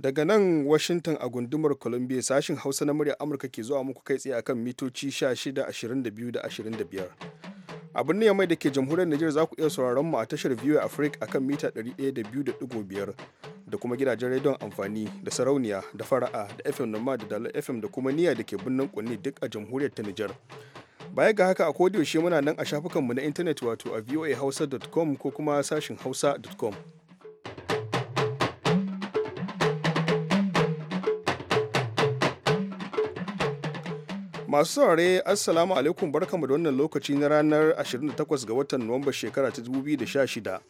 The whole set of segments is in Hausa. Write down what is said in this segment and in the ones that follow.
Daga nan Washington a gundumar Columbia sashin Hausa na murya Amurka ke zuwa muku kai tsaye akan mitoci 16, 22 da 25. A birnin Yamai da ke jamhuriyar Nijar za ku iya sauraron mu a tashar VOA Africa akan mita 102.5 da kuma gidajen rediyon amfani da sarauniya da fara'a da FM Noma da Dalar FM da kuma niyya da ke birnin Kunni duk a jamhuriyar ta Nijar. Baya ga haka a yaushe muna nan a shafukanmu na intanet wato a voahausa.com ko kuma sashin hausa.com. Masu saurare Assalamu alaikum barkamu da wannan lokaci na ranar 28 ga watan Nuwamba shekara ta 2016.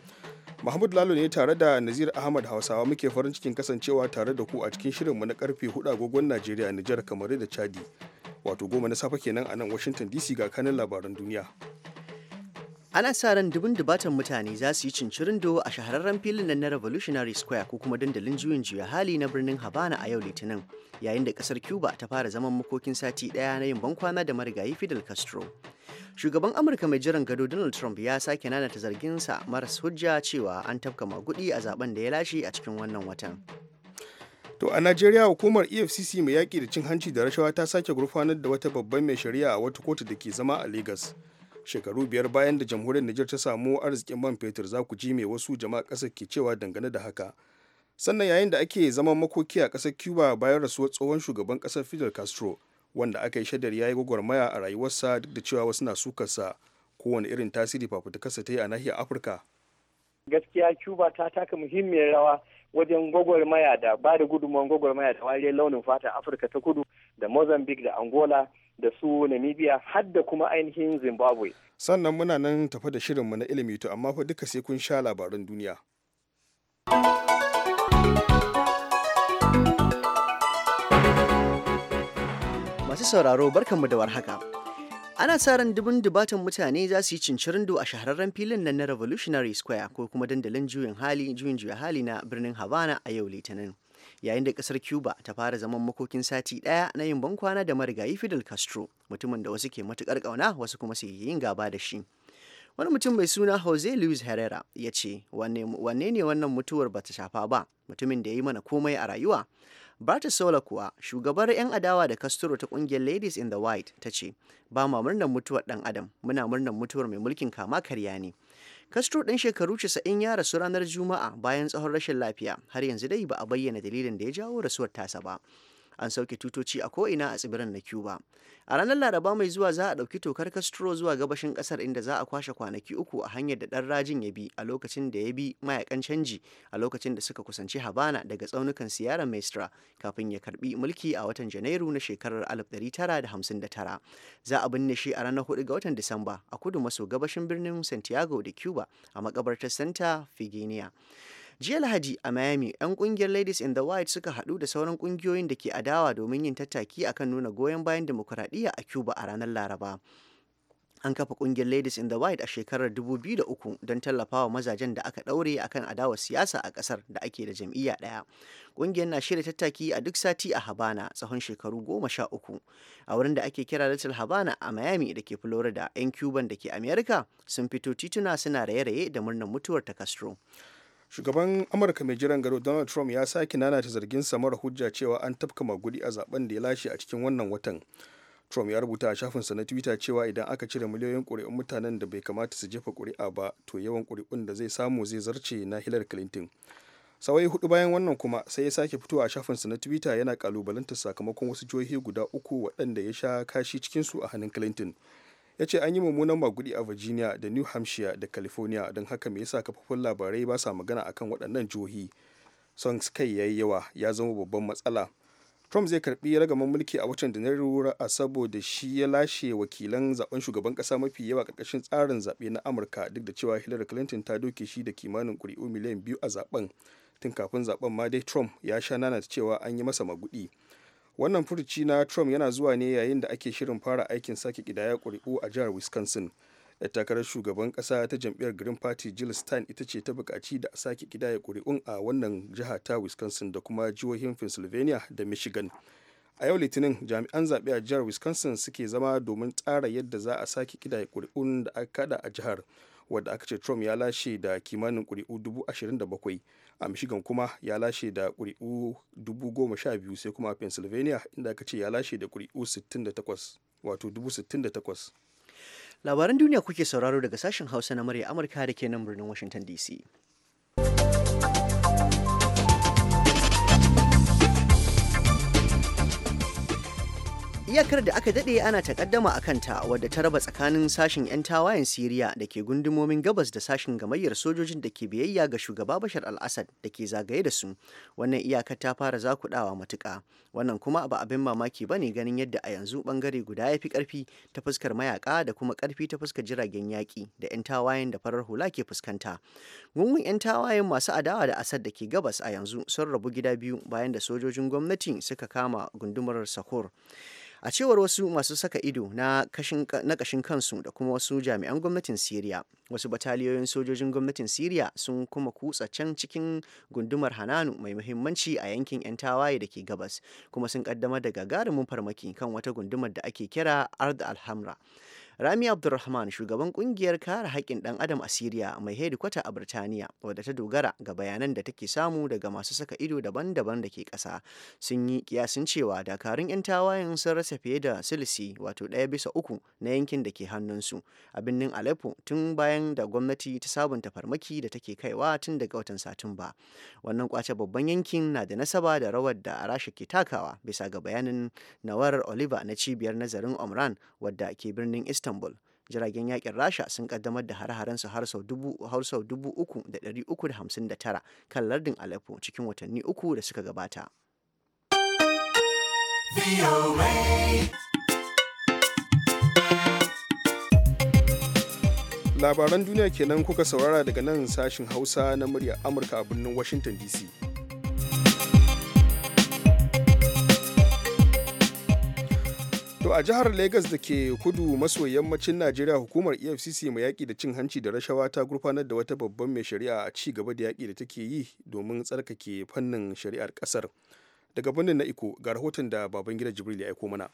Mahmud Lalo ne tare da Nazir Ahmad Hausawa muke farin cikin kasancewa tare da ku a cikin shirinmu na karfe 4 agogon Najeriya, Nijar, kamar da Chadi. Wato goma na safe kenan a nan Washington DC ga kanin labaran duniya. ana sa ran dubun dubatan mutane za su yi cincirin do a shahararren filin nan na revolutionary square ko kuma dandalin juyin juya hali na birnin habana a yau litinin yayin da kasar cuba ta fara zaman makokin sati daya na yin bankwana da marigayi fidel castro shugaban amurka mai jiran gado donald trump ya sake nanata zarginsa maras hujja cewa an tafka magudi a zaben da ya lashe a cikin wannan watan To a Najeriya hukumar EFCC mai yaki da cin hanci da rashawa ta sake gurfanar da wata babban mai shari'a a wata kotu da ke zama a lagos. shekaru biyar bayan da jamhuriyar Nijar ta samu arzikin man fetur za ku ji mai wasu jama'a ƙasar ke cewa dangane da haka. Sannan yayin da ake zaman makoki a kasar Cuba bayan rasuwar tsohon shugaban ƙasar Fidel Castro wanda aka yi shaidar ya yi gwagwarmaya a rayuwarsa duk da cewa wasu na sukarsa kowane irin tasiri fafuta kasa ta yi a nahiyar Afirka. Gaskiya Cuba ta taka muhimmiyar rawa wajen gwagwarmaya da ba da gudunmawar gwagwarmaya da wariyar launin fata Afirka ta kudu da Mozambique da Angola da su namibia har da kuma ainihin zimbabwe sannan muna nan tafa da shirinmu na ilimi to amma fa duka sai kun sha labaran duniya masu sauraro barkanmu da warhaka ana sa ran dubin dubatan mutane za su yi cincirindo a shahararren filin nan na revolutionary square ko kuma dandalin juyin hali juya hali na birnin havana a yau litinin yayin da kasar cuba ta fara zaman makokin sati daya na yin bankwana da marigayi fidel castro mutumin da wasu ke matukar kauna wasu kuma su yin gaba da shi wani mutum mai suna jose luis herrera ya ce wanne ne wannan mutuwar bata shafa ba mutumin da ya yi mana komai a rayuwa Sola kuwa shugabar 'yan adawa da Castro ta kungiyar Ladies in the White ta ce, "Ba ma murnar mutuwar ɗan Adam, muna murnar mutuwar mai mulkin kama karya ne." Castro ɗin shekaru 90 ya rasu ranar Juma'a bayan tsawon rashin lafiya har yanzu dai ba a bayyana dalilin da ya jawo rasuwar tasa ba. an sauke tutoci a ko'ina a tsibirin na cuba a ranar laraba mai zuwa za a ɗauki tokar castro zuwa gabashin ƙasar inda za a kwashe kwanaki uku a hanyar da ɗan rajin ya bi a lokacin da ya bi mayakan canji a lokacin da suka kusanci habana daga tsaunukan siyara maistra kafin ya karbi mulki a watan janairu na shekarar 1959 za a binne shi a ranar 4 ga watan disamba a kudu maso gabashin birnin santiago da cuba a makabartar santa figenia Jiya Lahadi a Miami, 'yan kungiyar Ladies in the White suka haɗu da sauran kungiyoyin da ke adawa domin yin tattaki akan nuna goyon bayan demokuraɗiyya a Cuba a ranar Laraba. An kafa kungiyar Ladies in the White a shekarar 2003 don tallafawa mazajen da aka ɗaure akan adawa siyasa a ƙasar da ake da jam'iyya ɗaya. Kungiyar na shirya tattaki a duk sati a Habana tsawon shekaru goma sha uku. A wurin da ake kira Little Habana a Miami da ke Florida, 'yan Cuban da ke Amerika sun fito tituna suna raye-raye da murnar mutuwar ta Castro. shugaban amurka mai jiran gado donald trump ya sake nanata zargin samar hujja cewa an tafka magudi a zaben da ya lashe a cikin wannan watan trump ya rubuta a shafinsa na twitter cewa idan aka cire miliyoyin kuri'un mutanen da bai kamata su jefa kuri'a ba to yawan kuri'un da zai samu zai zarce na hillary clinton sawai hudu bayan wannan kuma sai ya sake fitowa a shafinsa na twitter yana kalubalanta sakamakon wasu jihohi guda uku waɗanda ya sha kashi cikinsu a hannun clinton ya ce an yi mummunan magudi a virginia da new hampshire da california don haka me yasa kafofin labarai ba sa magana akan waɗannan jihohi son kai ya yi yawa ya zama babban matsala trump zai karbi ragaman mulki a watan janairu a saboda shi ya lashe wakilan zaben shugaban kasa mafi yawa karkashin tsarin zaɓe na amurka duk da cewa hillary clinton ta doke shi da kimanin ƙuri'u miliyan biyu a zaben tun kafin zaben ma dai trump ya sha nana cewa an yi masa magudi wannan furuci na trump yana zuwa ne yayin da ake shirin fara aikin sake kidaya kuri'u a jihar wisconsin da takarar shugaban ƙasa ta jam'iyyar green party jill stein ita ce ta bukaci da a sake kidaya kuri'un a wannan jiha ta wisconsin da kuma jihohin pennsylvania da michigan a yau litinin jami'an zaɓe a jihar wisconsin suke zama domin tsara yadda za a sake kidaya ƙuri'un da aka kada a jihar wadda aka ce trump ya lashe da kimanin ƙuri'u 27,000 a michigan kuma ya lashe da ƙuri'u 12,000 sai kuma a pennsylvania inda aka ce ya lashe da ƙuri'u 68 wato 68 labaran duniya kuke sauraro daga sashen hausa na murya amurka da ke nan birnin washington dc iyakar da aka dade ana takaddama a kanta wadda ta raba tsakanin sashen 'yan tawayen siriya da ke gundumomin gabas da sashen gamayyar sojojin da ke biyayya ga shugaba bashar al-assad da ke zagaye da su wannan iyakar ta fara zakudawa matuka wannan kuma ba abin mamaki ba ne ganin yadda a yanzu bangare guda ya fi karfi ta fuskar mayaka da kuma karfi ta fuskar jiragen yaki da 'yan tawayen da farar hula ke fuskanta gungun 'yan tawayen masu adawa da assad da ke gabas a yanzu sun rabu gida biyu bayan da sojojin gwamnati suka kama gundumar sakur a cewar wasu masu saka ido na kashin kansu da kuma wasu jami'an gwamnatin siriya wasu bataliyoyin sojojin gwamnatin siriya sun kuma kutsa can cikin gundumar hananu mai muhimmanci a yankin 'yan tawaye da ke gabas kuma sun kaddamar da gagarumin farmaki kan wata gundumar da ake kira ard alhamra Rami Abdulrahman shugaban kungiyar kare haƙƙin ɗan adam a Siriya mai hedikwata a Birtaniya wadda ta dogara ga bayanan da take samu daga masu saka ido daban-daban da ke ƙasa sun yi kiyasin cewa dakarun 'yan tawayen sun rasa fiye da silisi wato ɗaya bisa uku na yankin da ke hannunsu a birnin Aleppo tun bayan da gwamnati ta sabunta farmaki da take kaiwa tun daga watan Satumba. Wannan kwace babban yankin na da nasaba da rawar da arasha ke takawa bisa ga bayanin Nawar Oliver na cibiyar nazarin Omran wadda ke birnin Istanbul istanbul jiragen yakin rasha sun kaddamar da hare su har sau dubu uku da dari uku da hamsin da tara kan lardin aleppo cikin watanni uku da suka gabata labaran duniya kenan kuka saurara daga nan sashin hausa na murya amurka a birnin washington dc To a jihar Legas da ke kudu maso yammacin Najeriya hukumar EFCC mai yaƙi da cin hanci da rashawa ta gurfanar da wata babban mai shari'a a ci gaba da yaƙi da take yi domin tsarkake fannin shari'ar ƙasar. Daga birnin na Iko ga rahoton da Babangida Jibril ya aiko mana.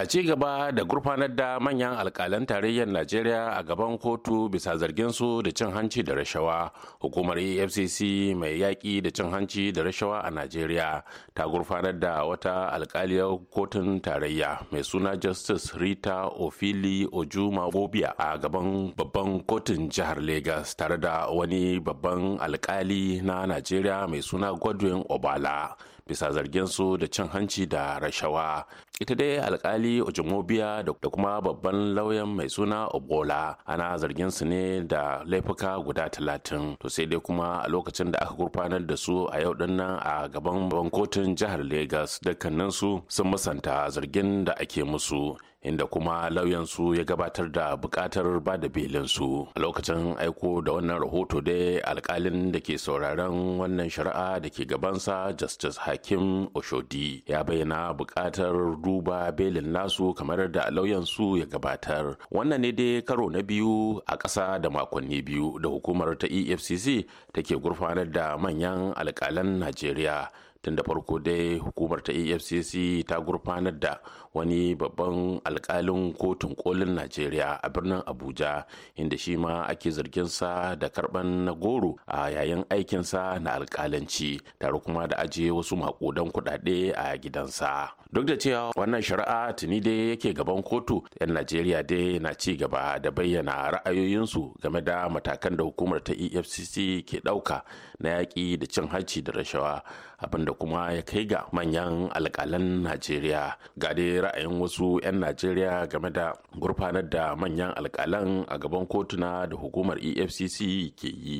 a ci gaba da gurfanar da manyan alkalan tarayyar najeriya a gaban kotu bisa zargin su da cin hanci da rashawa hukumar efcc mai yaƙi da cin hanci da rashawa a najeriya ta gurfanar da wata alkaliyar kotun tarayya mai suna justice rita ofili ojuma obia a gaban babban kotun jihar Legas, tare da wani babban alkali na najeriya mai suna godwin obala bisa zargin su da cin hanci da rashawa ita dai alkali ojimobiya da kuma babban lauyan mai suna obola ana zargin su ne da laifuka guda talatin to sai dai kuma a lokacin da aka gurfanar da su a yau din nan a gaban kotun jihar lagos dukkanin su sun musanta zargin da ake musu inda kuma lauyansu ya gabatar da bukatar ba da belinsu a lokacin aiko da wannan rahoto dai alkalin da ke sauraron wannan shari'a da ke gabansa justice hakim oshodi ya bayyana bukatar duba belin nasu kamar da lauyansu ya gabatar wannan ne dai karo na biyu a ƙasa da makonni biyu da hukumar ta efcc take gurfanar da manyan alkalan najeriya tun da farko dai hukumar ta efcc ta gurfanar da wani babban alkalin kotun kolin najeriya a birnin abuja inda shi ma ake zarginsa da karban na goro a yayin aikinsa na alkalanci tare kuma da ajiye wasu makudan kuɗaɗe a gidansa duk da cewa wannan shari'a tuni dai yake gaban kotu 'yan najeriya dai na ci gaba da bayyana ra'ayoyinsu game da matakan da hukumar ta efcc ke ɗauka na yaƙi da cin hanci da rashawa abinda kuma ya kai ga manyan alkalan najeriya ga dai ra'ayin wasu 'yan najeriya game da gurfanar da manyan alkalan a gaban kotuna da hukumar efcc ke yi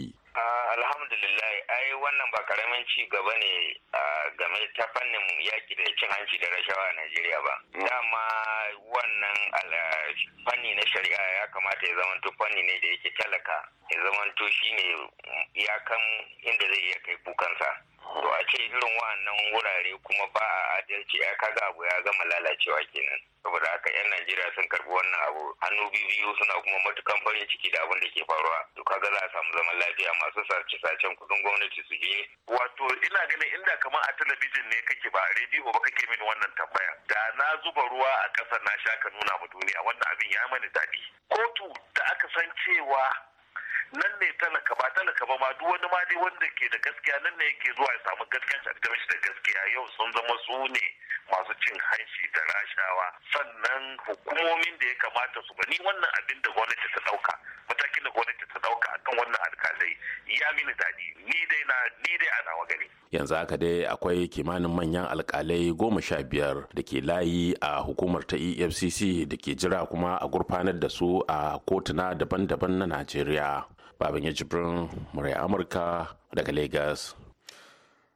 alhamdulillah ai wannan ba karamin ci gaba ne game ta fannin yaki da cin hanci da rashawa a najeriya ba mm. dama wannan fanni na shari'a ya kamata ya zamanto fanni ne da yake talaka ya zamanto shine iyakan inda zai iya kai kukansa to a ce irin wannan wurare kuma ba a adalci ya kaga abu ya gama lalacewa kenan saboda haka yan najeriya sun karbi wannan abu hannu biyu suna kuma matukan farin ciki da abin da ke faruwa to kaga za a samu zaman lafiya masu sace sacen kudin gwamnati su gini wato ina ganin inda kamar a talabijin ne kake ba a rediyo ba kake mini wannan tambaya da na zuba ruwa a ƙasa na sha ka nuna ma duniya wannan abin ya mani daɗi kotu da aka san cewa nan ne talaka ba talaka ba ma duk wani ma dai wanda ke da gaskiya nan ne yake zuwa ya samu gaskiyan shi shi da gaskiya yau sun zama su ne masu cin hanci da rashawa sannan hukumomin da ya kamata su gani wannan abin da gwamnati ta dauka matakin da gwamnati ta dauka akan wannan alkalai ya mini dadi ni dai na ni dai ana wa gani yanzu haka dai akwai kimanin manyan alkalai goma sha biyar da ke layi a hukumar ta efcc da ke jira kuma a gurfanar da su a kotuna daban-daban na najeriya babin ya jibrin murai amurka daga lagos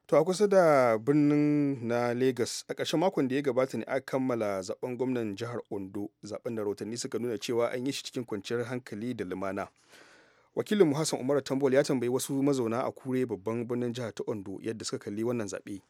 to a kusa da birnin na lagos a ƙarshen makon da ya gabata ne aka kammala zaben gwamnan jihar ondo zaben da rahotanni suka nuna cewa an yi shi cikin kwanciyar hankali da lumana wakilin muhassan hassan umaru tambol ya tambayi wasu mazauna a kure babban birnin jihar ta ondo yadda suka kalli wannan zaɓe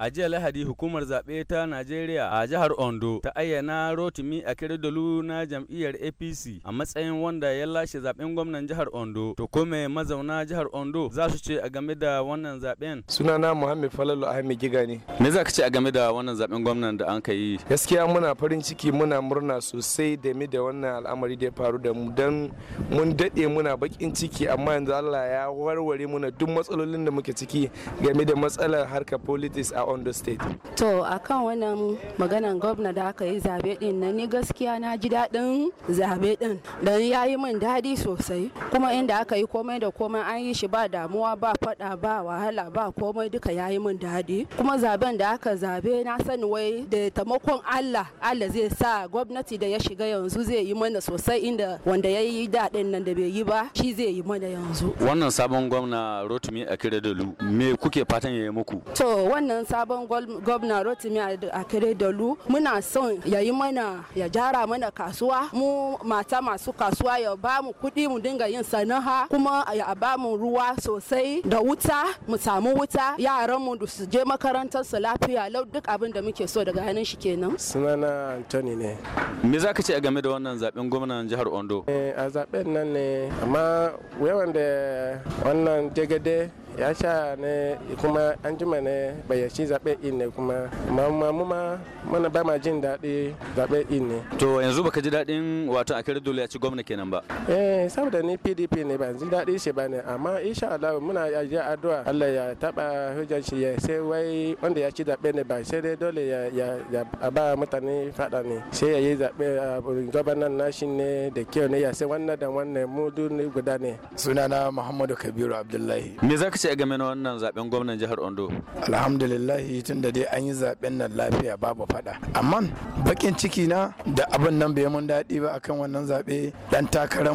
A jiya Lahadi hukumar zaɓe ta Najeriya a jihar Ondo ta ayyana Rotimi Akeredolu na jam'iyyar APC a matsayin wanda ya lashe zaɓen gwamnan jihar Ondo. To kome mazauna jihar Ondo za su ce a game da wannan zaɓen? Sunana muhammed Falalu Ahmed Giga ne. Me za ka ce a game da wannan zaɓen gwamnan da an yi? Gaskiya muna farin ciki muna murna sosai da mi da wannan al'amari da ya faru da mu dan mun daɗe muna baƙin ciki amma yanzu Allah ya warware muna duk matsalolin da muke ciki game da matsalar harkar politics a the state to akan wannan maganan gwamna da aka yi zabe din na ni gaskiya na ji daɗin zabe din don ya yi min daɗi sosai kuma inda aka yi komai da komai an yi shi ba damuwa ba faɗa ba wahala ba komai duka ya yi min daɗi kuma zaben da aka zabe na sani wai da taimakon allah allah zai sa gwamnati da ya shiga yanzu zai yi mana sosai inda wanda ya yi daɗin nan da bai yi ba shi zai yi mana yanzu wannan sabon gwamna rotumi akiredolu me kuke fatan ya yi muku to wannan sabon sabon gwamna Rotimi a Akere dalu muna son ya yi mana ya jara mana kasuwa mu mata masu kasuwa ya ba mu kudi mu dinga yin sana'a kuma ya ba mu ruwa sosai da wuta mu samu wuta yaran mu su je makarantar su lafiya lau duk abin da muke so daga hannun shi kenan. Sunana antoni ne. Me za ka ce game da wannan zaben gwamnan jihar Ondo? Eh, a zaben nan ne amma yawan da wannan dagade ya sha ne kuma an jima ne bayyaci zaɓe in ne kuma amma mu ma mana ba ma jin daɗi zaɓe in ne. To yanzu baka ji daɗin wato a kare dole ya ci gwamna kenan ba. Eh saboda ni PDP ne ban ji daɗi shi ba ne amma insha Allah muna yaje addu'a Allah ya taɓa hujjar shi ya sai wai wanda ya ci zaɓe ne ba sai dai dole ya ya ba mutane faɗa ne sai ya yi zaɓe a gwamnan nashi ne da kyau ne ya sai wannan da wannan mu guda ne. Sunana Muhammadu Kabiru Abdullahi. Me za ka ce ce game na wannan zaben gwamnan jihar Ondo? Alhamdulillah tun da dai an yi zaben nan lafiya babu fada. Amma bakin ciki na da abin nan bai mun daɗi ba akan wannan zaɓe dan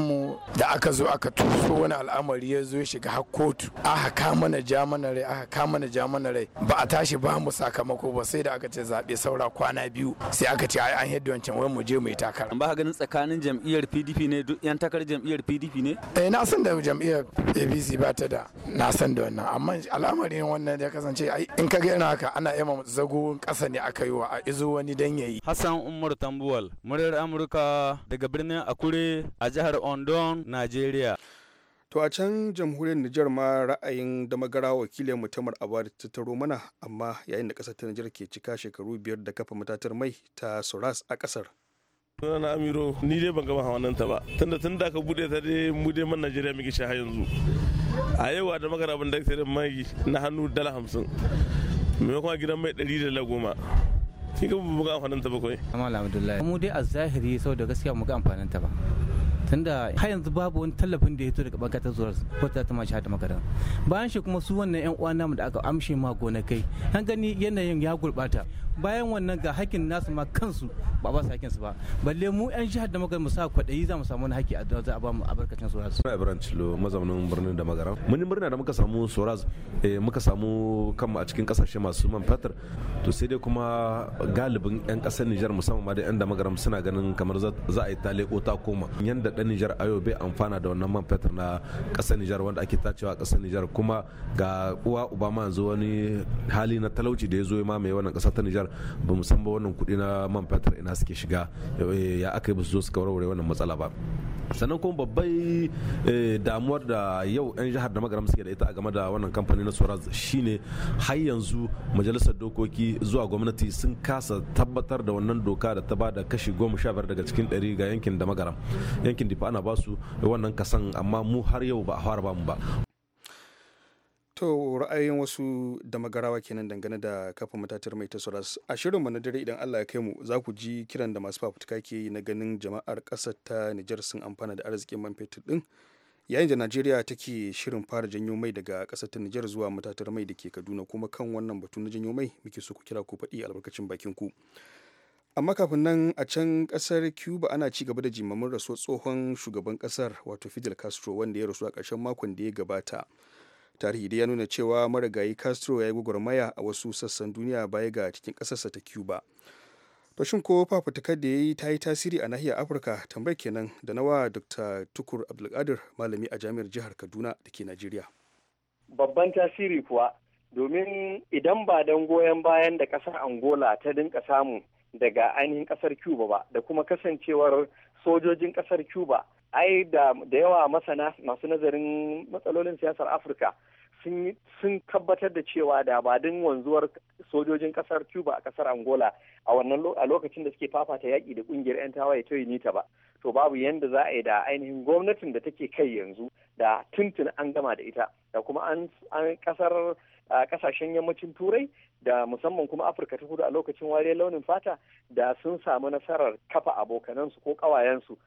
mu da aka zo aka tuso wani al'amari ya zo ya shiga har kotu. Aka ka mana ja rai aka ka mana ja rai ba a tashi ba mu sakamako ba sai da aka ce zabe saura kwana biyu sai aka ce ai an yadda wancan wai mu je mu yi takara. Ba ka ganin tsakanin jam'iyyar PDP ne duk yan takarar jam'iyyar PDP ne? Eh na san da jam'iyyar APC ba ta da na san da wannan amma al'amarin wannan ya kasance in ka gina haka ana yi zago kasa ne aka yi wa a izo wani dan yayi Hassan Umar Tambuwal muryar Amurka daga birnin Akure a jihar Ondon, Najeriya To a can jamhuriyar Nijar ma ra'ayin da magara wakilin mutumar abada ta tattaro mana amma yayin da ƙasar ta Nijar ke cika shekaru biyar da kafa matatar mai ta Soras a ƙasar. na amiro ni dai ban gama hawanan ta ba tunda tun da ka bude ta dai mu dai man najeriya muke sha yanzu a yau da makara ban da magi na hannu dala hamsin mai kuma gidan mai ɗari da goma kin ga buga amfanin ta ba bakwai. amma alhamdulillah Mu dai a zahiri sau da gaskiya mu ga amfanin ta ba. tunda har yanzu babu wani tallafin da ya to daga bankatar zuwa ko ta mashi hada makaran bayan shi kuma su wannan yan uwa namu da aka amshe ma gonakai an gani yanayin ya gurbata bayan wannan ga hakkin nasu ma kansu ba ba su hakkin su ba balle mu yan jihar da magaran mu sa kwadayi za mu samu wani hakki a za a ba mu albarkacin soraz suna ibrahim cilo mazaunin birnin da magaran mun yi murna da muka samu soraz eh, muka samu kanmu a cikin kasashe masu man fetur to sai dai kuma galibin yan kasar Nijar musamman ma da yan da magaran suna ganin kamar za a yi tale ko ta koma yanda dan Nijar ayo bai amfana da wannan man fetur na kasar Nijar wanda ake tacewa a kasar Nijar kuma ga uwa uba yanzu wani hali na talauci da ya zo ma mai wannan kasar ta Nijar ba mu san ba wannan kuɗi na man fetur ina suke shiga eh, ya aka yi ba su zo suka warware wannan matsala ba. sannan kuma babbai eh, damuwar da yau 'yan jihar da magaram suke da ita a game da wannan kamfani na soraz shine har yanzu majalisar dokoki zuwa gwamnati sun kasa tabbatar da wannan doka da ta bada kashi goma sha biyar daga cikin ɗari ga yankin da magaram yankin difa ana basu wannan kasan amma mu har yau ba a fara bamu ba To ra'ayin wasu da magarawa kenan dangane da kafa matatar mai tasoras a shirinmu na dare idan Allah ya kai mu za ku ji kiran da masu fafutuka ke yi na ganin jama'ar ƙasar ta Nijar sun amfana da arzikin man fetur din yayin da Najeriya take shirin fara janyo mai daga ƙasar ta Nijar zuwa matatar mai da ke Kaduna kuma kan wannan batu na janyo mai muke so ku kira ku faɗi albarkacin bakin ku. amma kafin nan a can kasar cuba ana ci gaba da jimamin rasuwar tsohon shugaban kasar wato fidel castro wanda ya rasu a ƙarshen makon da ya gabata tarihi dai ya nuna cewa marigayi castro ya yi gwagwarmaya a wasu sassan duniya baya ga cikin ƙasarsa ta cuba to shin ko fafutukar da ya yi ta yi tasiri a nahiyar afirka tambayar kenan da nawa dr tukur abdulkadir malami a jami'ar jihar kaduna da ke najeriya babban tasiri kuwa domin idan ba don goyon bayan da ƙasar angola ta dinka samu daga ainihin ƙasar cuba ba da kuma kasancewar sojojin ƙasar cuba ai da yawa masana masu nazarin matsalolin siyasar afirka sun tabbatar da cewa da ba din wanzuwar sojojin kasar cuba a kasar angola a wannan a lokacin da suke fafata yaƙi da ƙungiyar 'yan tawaye ta ba to babu yadda za a yi da ainihin gwamnatin da take kai yanzu da tuntun an gama da ita da kuma an kasar kasashen yammacin turai da musamman kuma afirka ta hudu a lokacin wariyar launin fata da sun samu nasarar kafa abokanansu ko ƙawayensu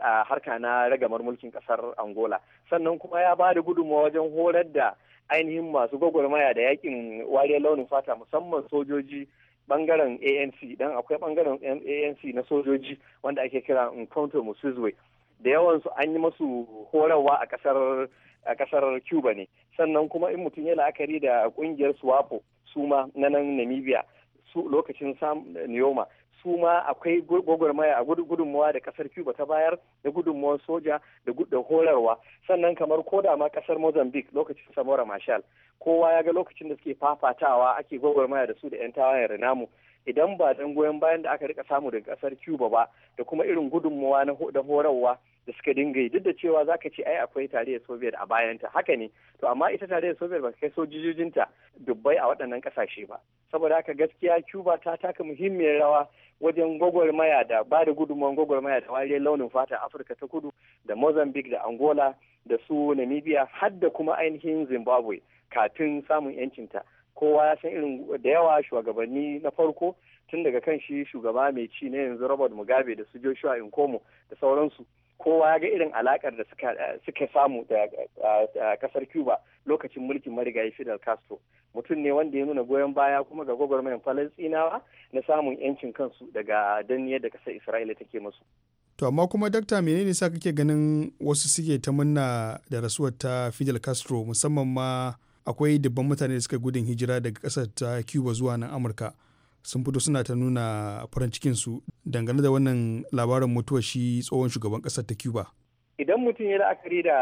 a harka na ragamar mulkin kasar angola sannan kuma ya ba da gudunmawa wajen horar da ainihin masu gwagwarmaya da yakin wariyar launin fata musamman sojoji bangaren anc dan akwai bangaren anc na sojoji wanda ake kira encounter musuzwe da yawansu an yi masu horarwa a kasar a kasar cuba ne sannan kuma in mutum ya la'akari da kungiyar swapo suma na nan namibia su lokacin eh, nioma su ma akwai gwagwarmaya a gudunmawa da kasar cuba ta bayar da gudunmawar soja da horarwa sannan kamar koda ma kasar mozambique lokacin samora marshal kowa ya ga lokacin da suke fafatawa ake gwagwarmaya da su da 'yan tawayen renamu idan ba don goyon bayan da aka rika samu daga kasar cuba ba da kuma irin gudunmawa na horarwa da suka dinga yi duk da cewa za ka ce ai akwai tarayyar soviet a bayanta haka ne to amma ita tarayyar soviet ba ka kai sojojinta dubbai a waɗannan ƙasashe ba saboda haka gaskiya cuba ta taka muhimmiyar rawa wajen gwagwarmaya da ba da gudunmawar gwagwarmaya da wariyar launin fata afirka ta kudu da mozambique da angola da su namibia har da kuma ainihin zimbabwe kafin samun yancinta kowa ya san irin da yawa shugabanni na farko tun daga kan shi shugaba mai ci na yanzu robert mugabe da su joshua inkomo da sauransu kowa ya ga irin alakar da suka samu da kasar cuba lokacin mulkin marigayi fidel castro mutum ne wanda ya nuna goyon baya kuma ga gwagwarmayar falastinawa na samun yancin kansu daga danniyar da kasar isra'ila take masu to amma kuma dakta menene sa kake ganin wasu suke ta munna da rasuwar ta fidel castro musamman ma akwai dubban mutane da suka gudun hijira daga kasar ta cuba zuwa nan amurka sun fito suna ta nuna farin cikinsu dangane da wannan labarin mutuwar shi tsohon shugaban ƙasar ta cuba idan mutum ya la'akari da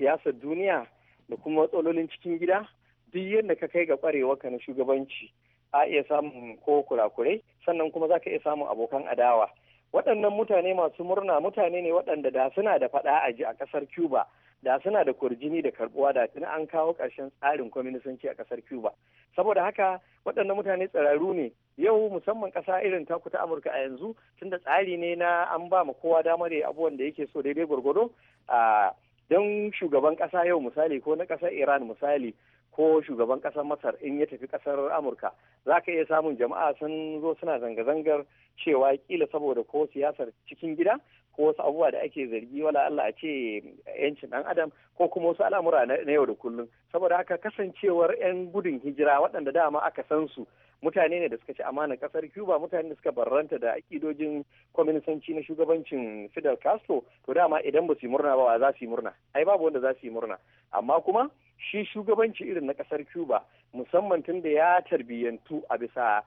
siyasar duniya da kuma matsalolin cikin gida duk yadda ka kai ga kwarewa na shugabanci a iya samun ko kurakurai sannan kuma za ka iya samun abokan adawa waɗannan mutane masu murna mutane ne waɗanda da suna da faɗa a ji a ƙasar cuba da suna da kurjini da karbuwa da tuni an kawo ƙarshen tsarin kwaminisanci a ƙasar cuba saboda haka waɗannan mutane tsararru ne yau musamman ƙasa irin taku ta amurka a yanzu tunda tsari ne na an ba ma kowa damar ya abubuwan da yake so daidai gwargwado a don shugaban ƙasa yau misali ko na ƙasar iran misali ko shugaban ƙasar masar in ya tafi ƙasar amurka za ka iya samun jama'a sun zo suna zanga-zangar cewa kila saboda ko siyasar cikin gida ko wasu abubuwa da ake zargi wala Allah a ce yancin dan adam ko kuma wasu al'amura na yau da kullum saboda haka kasancewar 'yan gudun hijira waɗanda dama aka san su mutane ne da suka ci amanar kasar cuba mutane da suka barranta da akidojin kwaminisanci na shugabancin fidel castro to dama idan ba su yi murna ba za su yi murna ai babu wanda za su yi murna amma kuma shi shugabanci irin na kasar cuba musamman tun da ya tarbiyyantu a bisa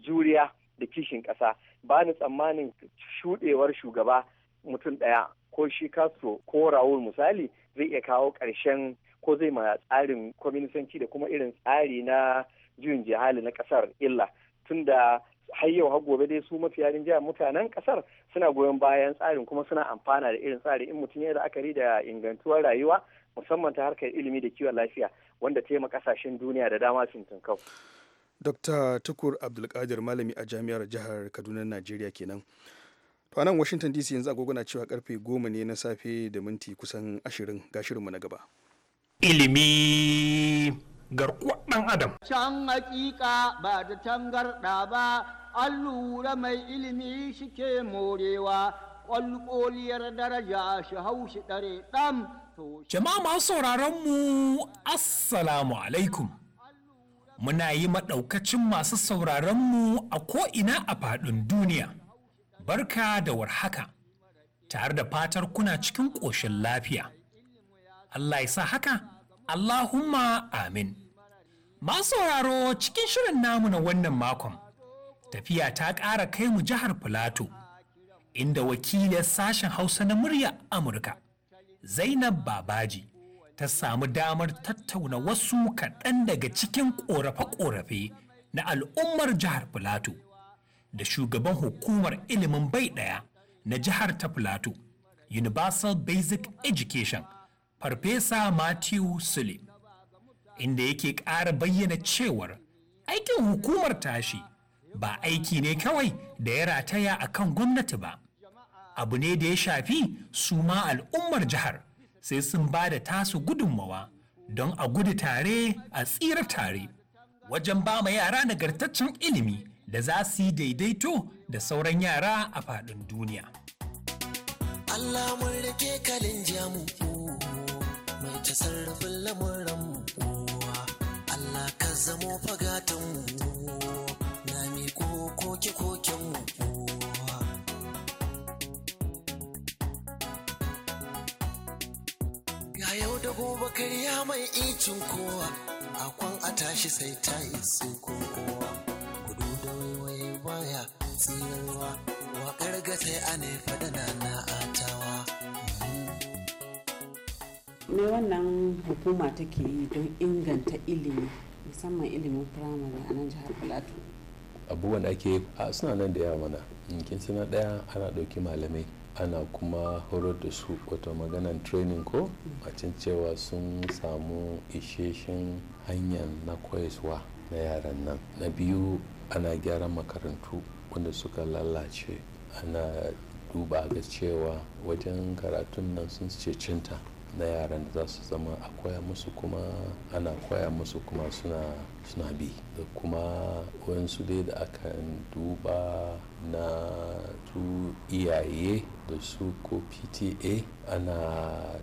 juriya da kishin ƙasa ba ni tsammanin shuɗewar shugaba mutum ɗaya ko shi Castro ko Raul misali zai iya kawo karshen ko zai ma tsarin kwaminisanci da kuma irin tsari na juyin jihali na kasar illa tunda har yau har gobe dai su mafiya jihar mutanen kasar suna goyon bayan tsarin kuma suna amfana da irin tsari in mutum ya da akari da ingantuwar rayuwa musamman ta harkar ilimi da kiwon lafiya wanda taima kasashen duniya da dama sun tunkau. Dr. Tukur Abdulkadir Malami a Jami'ar Jihar Kaduna, Najeriya kenan. To nan Washington DC yanzu agogo na cewa karfe goma ne na safe da minti kusan ashirin ga shirinmu na gaba. Ilimi garkuwar ɗan Adam. Can hakika ba da tangarɗa ba, an lura mai ilimi shike morewa, ƙwalƙoliyar daraja shi haushi shi ɗare ɗan. Jama'a masu sauraron mu, Assalamu alaikum. Muna yi maɗaukacin masu sauraron mu a ko'ina a faɗin duniya. Barka da warhaka, tare da fatar kuna cikin ƙoshin lafiya. Allah ya sa haka, Allahumma amin. Masu sauraro cikin shirin namu na wannan makon, tafiya ta ƙara kai mu jihar Filato, inda wakilin sashen Hausa na murya Amurka, Zainab Babaji. ta samu damar tattauna wasu kaɗan daga cikin ƙorafe-ƙorafe na al'ummar jihar Filato da shugaban hukumar ilimin bai ɗaya na jihar ta Plateau, Universal Basic Education, Farfesa Matthew Sule, inda yake ƙara bayyana cewar aikin hukumar tashi ba aiki ne kawai da ya rataya a kan gwamnati ba, abu ne da ya shafi su ma al'ummar jihar sai sun ba da tasu gudunmawa don a gudu tare a tsira tare wajen ba ma yara nagartaccen ilimi. da za su yi daidaito da sauran yara a faɗin duniya. Allah mun rike kalin jamu mai tasarrafin lamuran Allah ka zamo fagatan mu na miko koke koken mu Ya yau da gobe karya mai icin kowa akwan a tashi sai ta isu kowa doya tsirarwa waƙar gata a ne fada na atawa me wannan hukuma take yi don inganta ilimi musamman ilimin firamare a nan jihar plateau abubuwan da ake a suna nan da yawa mana kin suna daya ana ɗauki malamai ana kuma horar da su wato maganan training ko macin cewa sun samu isheshen hanyar na koyaswa na yaran nan na biyu ana gyaran makarantu wanda suka lalace ana duba ga cewa wajen karatun nan sun cinta na yaran da za su zama a koya musu kuma ana koya musu kuma suna suna bi da kuma wayansu dai da aka duba na su iyaye da su ko pta ana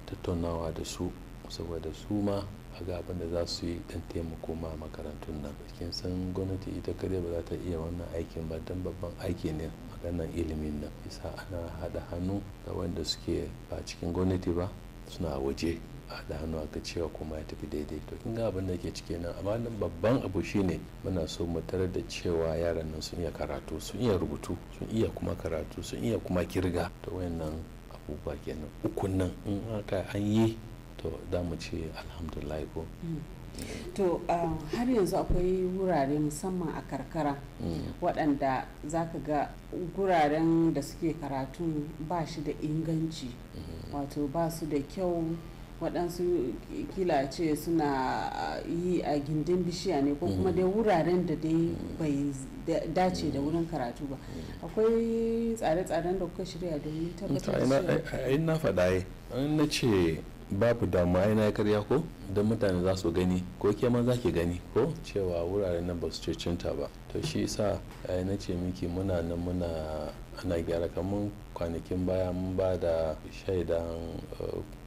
tattaunawa da su saboda su ma a ga abin da za su yi dan taimako ma makarantun nan kin san gwamnati ita kadai ba za ta iya wannan aikin ba dan babban aiki ne maganar ilimin nan isa ana hada hannu da wanda suke ba cikin gwamnati ba suna waje hada hannu aka cewa kuma ya tafi daidai to kin ga abin da ke cike nan amma nan babban abu shine muna so mu tarar da cewa yaran nan sun iya karatu sun iya rubutu sun iya kuma karatu sun iya kuma kirga to wayannan abubuwa kenan ukun nan in aka an yi to da mu ce alhamdulillah ko mm. to ah, har yanzu akwai wurare musamman a karkara mm. waɗanda za ka ga guraren da suke karatu ba shi da inganci mm. wato ba su da kyau waɗansu kila ce suna ah, yi a gindin bishiya ne ko kuma dai wuraren da dai bai dace da wurin karatu ba akwai tsare-tsaren da kuka shirya domin tabbatar da na faɗa na ce babu damuwa yana karya ko don mutane za su gani ko ke ma za ki gani ko cewa wuraren nan ba su cancanta ba to shi sa na ce miki muna nan muna ana gyara kamar kwanakin baya mun ba da shaidan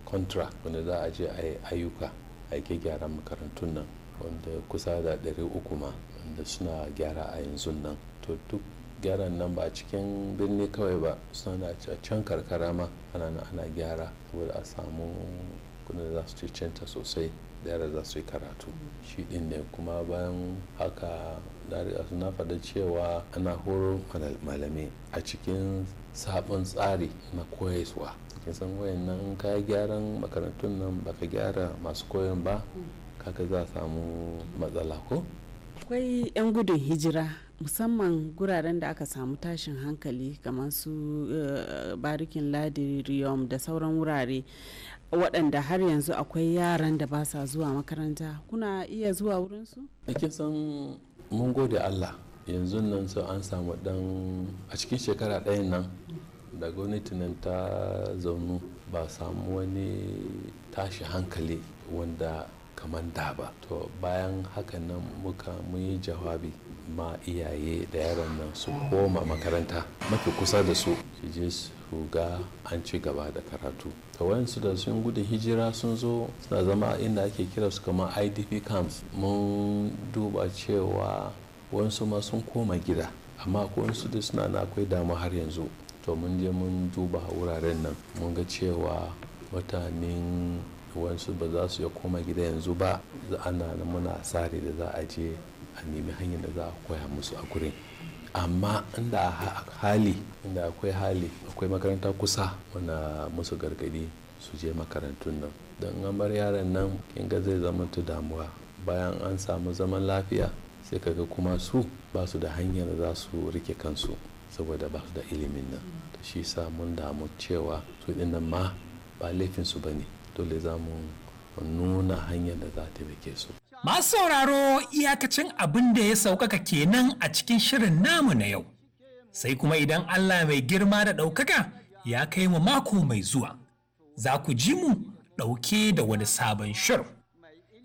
kontra eh, wanda za a je a yi ayyuka a ke gyara makarantun nan wanda kusa da 300 ma wanda suna gyara a yanzu nan to duk gyaran nan ba cikin birni kawai ba suna can karkara ma ana ana gyara saboda a samu kudin da za su cancanta sosai da yara za su yi karatu shi din ne kuma bayan haka suna faɗa cewa ana horo malamai a cikin sabon tsari na koyaswa cikin san wayannan ka gyaran makarantun nan baka gyara masu koyon ba kaka mm. za a samu matsala ko akwai 'yan gudun hijira musamman guraren da aka samu tashin hankali kamar su eh, barikin ladirium da sauran wurare waɗanda har yanzu akwai yaran da ba sa zuwa makaranta kuna iya zuwa wurinsu? ake eh, san mun gode allah yanzu nan su an samu ɗan a cikin shekara ɗayan nan da nan ta zaunu ba samu wani tashi hankali wanda kamar da ba to bayan hakan nan muka mun yi jawabi ma iyaye da yaran nan su koma makaranta mafi kusa da su su je su ga an ci gaba da karatu ta wayansu da sun gudu hijira sun zo suna zama inda ake kira su kamar idp camps mun duba cewa wasu ma sun koma gida amma wayansu da suna na akwai damu har yanzu to mun je mun duba wuraren nan mun ga cewa mutanen wasu ba za su ya koma gida yanzu ba ana muna tsari da za a je a nemi hanyar da za a koya musu a gurin amma inda hali inda akwai hali akwai makaranta kusa wana musu gargadi su je makarantun nan don an bar yaran nan kinga zai zama ta damuwa bayan an samu zaman lafiya sai kaga kuma su ba su da hanyar da za su rike kansu saboda ba su da ilimin nan ta shi sa mun damu cewa su nan ma ba laifinsu ba ne dole za mu nuna hanyar da za ta taimake su Masu sauraro iyakacin abin da ya sauƙaƙa kenan a cikin shirin namu na yau. Sai kuma idan Allah mai girma da ɗaukaka ya kai mu mako mai zuwa, za ku ji mu ɗauke da wani sabon shirin.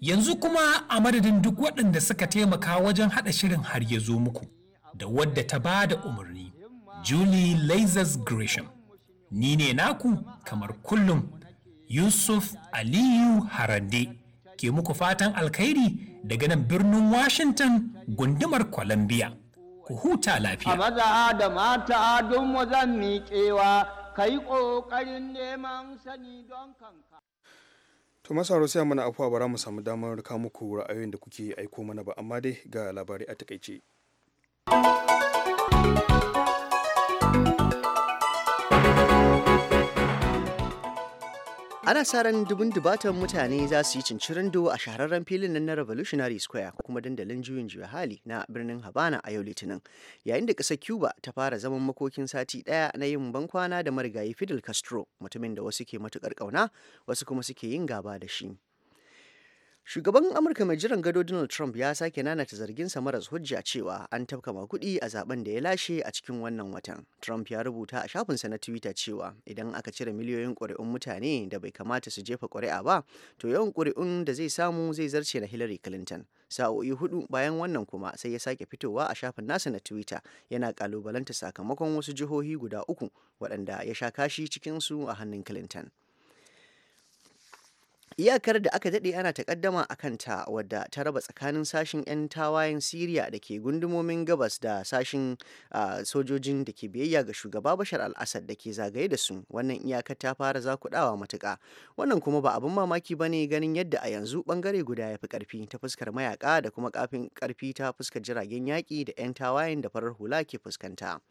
Yanzu kuma a madadin duk waɗanda suka taimaka wajen haɗa shirin har ya zo muku, da wadda ta ba da umarni, Julie Lazars Gresham. Ni ne naku kamar kullum, Yusuf Aliyu Harande. ke muku fatan alkhairi daga nan birnin Washington gundumar Columbia. Ku huta lafiya. A maza da mata don zan miƙewa, ka yi ƙoƙarin neman sani don kanka. To masu sai mana afuwa bara mu samu damar kamuku muku ra'ayoyin da kuke aiko mana ba amma dai ga labarai a takaice. ana sa ran dubun dubatan mutane za su yi do a shahararren filin na revolutionary square kuma dandalin juyin juya hali na birnin habana a yau litinin yayin da ƙasar cuba ta fara zaman makokin sati ɗaya na yin bankwana da marigayi fidel castro mutumin da wasu ke matukar ƙauna wasu kuma suke yin gaba da shi Shugaban Amurka mai jiran gado Donald Trump ya sake nanata zarginsa maras hujja cewa an tafka kuɗi a zaben da ya lashe a cikin wannan watan. Trump ya rubuta a shafinsa na Twitter cewa idan aka cire miliyoyin ƙuri'un mutane da bai kamata su jefa ƙuri'a ba, to yawan ƙuri'un da zai samu zai zarce na Hillary Clinton. Sa'o'i hudu bayan wannan kuma sai ya sake fitowa a shafin nasa na Twitter yana kalubalanta sakamakon wasu jihohi guda uku waɗanda ya sha kashi cikinsu a hannun Clinton. iyakar da aka daɗe ana takaddama a kanta wadda ta raba tsakanin sashen 'yan tawayen siriya da ke gundumomin gabas da sashen sojojin da ke biyayya ga shugaba bashar al-assad da ke zagaye da su wannan iyakar ta fara zakudawa matuka wannan kuma ba abin mamaki ba ne ganin yadda a yanzu bangare guda ya fi karfi ta fuskar mayaka da kuma kafin karfi ta fuskar jiragen yaki da 'yan tawayen da farar hula ke fuskanta.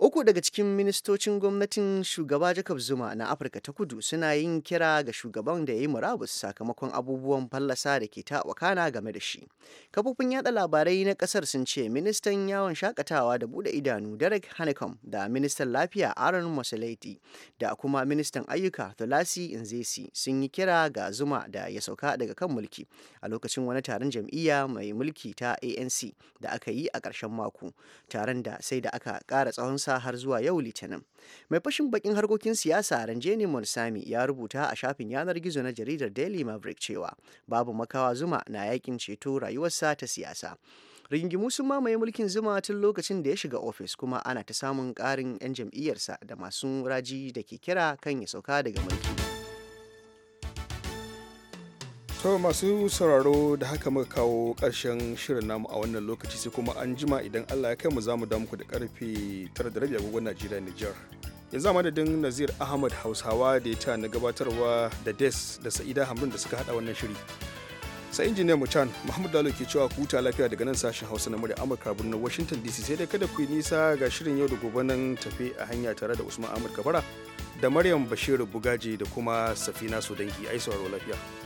Uku daga cikin ministocin gwamnatin shugaba Jacob Zuma na Afirka ta Kudu suna yin kira ga shugaban da ya yi murabus sakamakon abubuwan fallasa da ke ta wakana game da shi. Kafofin yada labarai na kasar sun ce ministan yawon shakatawa da bude idanu Derek Hanekom da ministan lafiya Aaron Moselaiti da kuma ministan ayyuka Thulasi Nzesi sun yi kira ga Zuma da ya sauka daga kan mulki a lokacin wani taron jam'iyya mai mulki ta ANC da aka yi a ƙarshen mako. Taron da sai da aka ƙara tsawon ƙasa har zuwa yau litinin mai fashin bakin harkokin siyasa ranjeni sami ya rubuta a shafin yanar gizo na jaridar daily maverick cewa babu makawa zuma na yakin ceto rayuwarsa ta siyasa rigingimu sun mamaye mulkin zuma tun lokacin da ya shiga ofis kuma ana ta samun ƙarin 'yan jam'iyyarsa da masu raji da ke kira kan ya sauka daga mulki to masu sauraro da haka muka kawo karshen shirin namu a wannan lokaci sai kuma an jima idan allah ya kai mu zamu mu damu da karfe 9 da rabi agogon najeriya nijar yanzu a madadin nazir ahmad hausawa da ya ta na gabatarwa da des da sa'ida hamdun da suka hada wannan shiri sai injiniyan mutan muhammad dalo ke cewa ku ta lafiya daga nan sashen hausa na murya amurka birnin washington dc sai dai kada ku yi nisa ga shirin yau da gobe nan tafe a hanya tare da usman ahmad kabara da maryam bashiru bugaji da kuma safina su dangi ai sauraro lafiya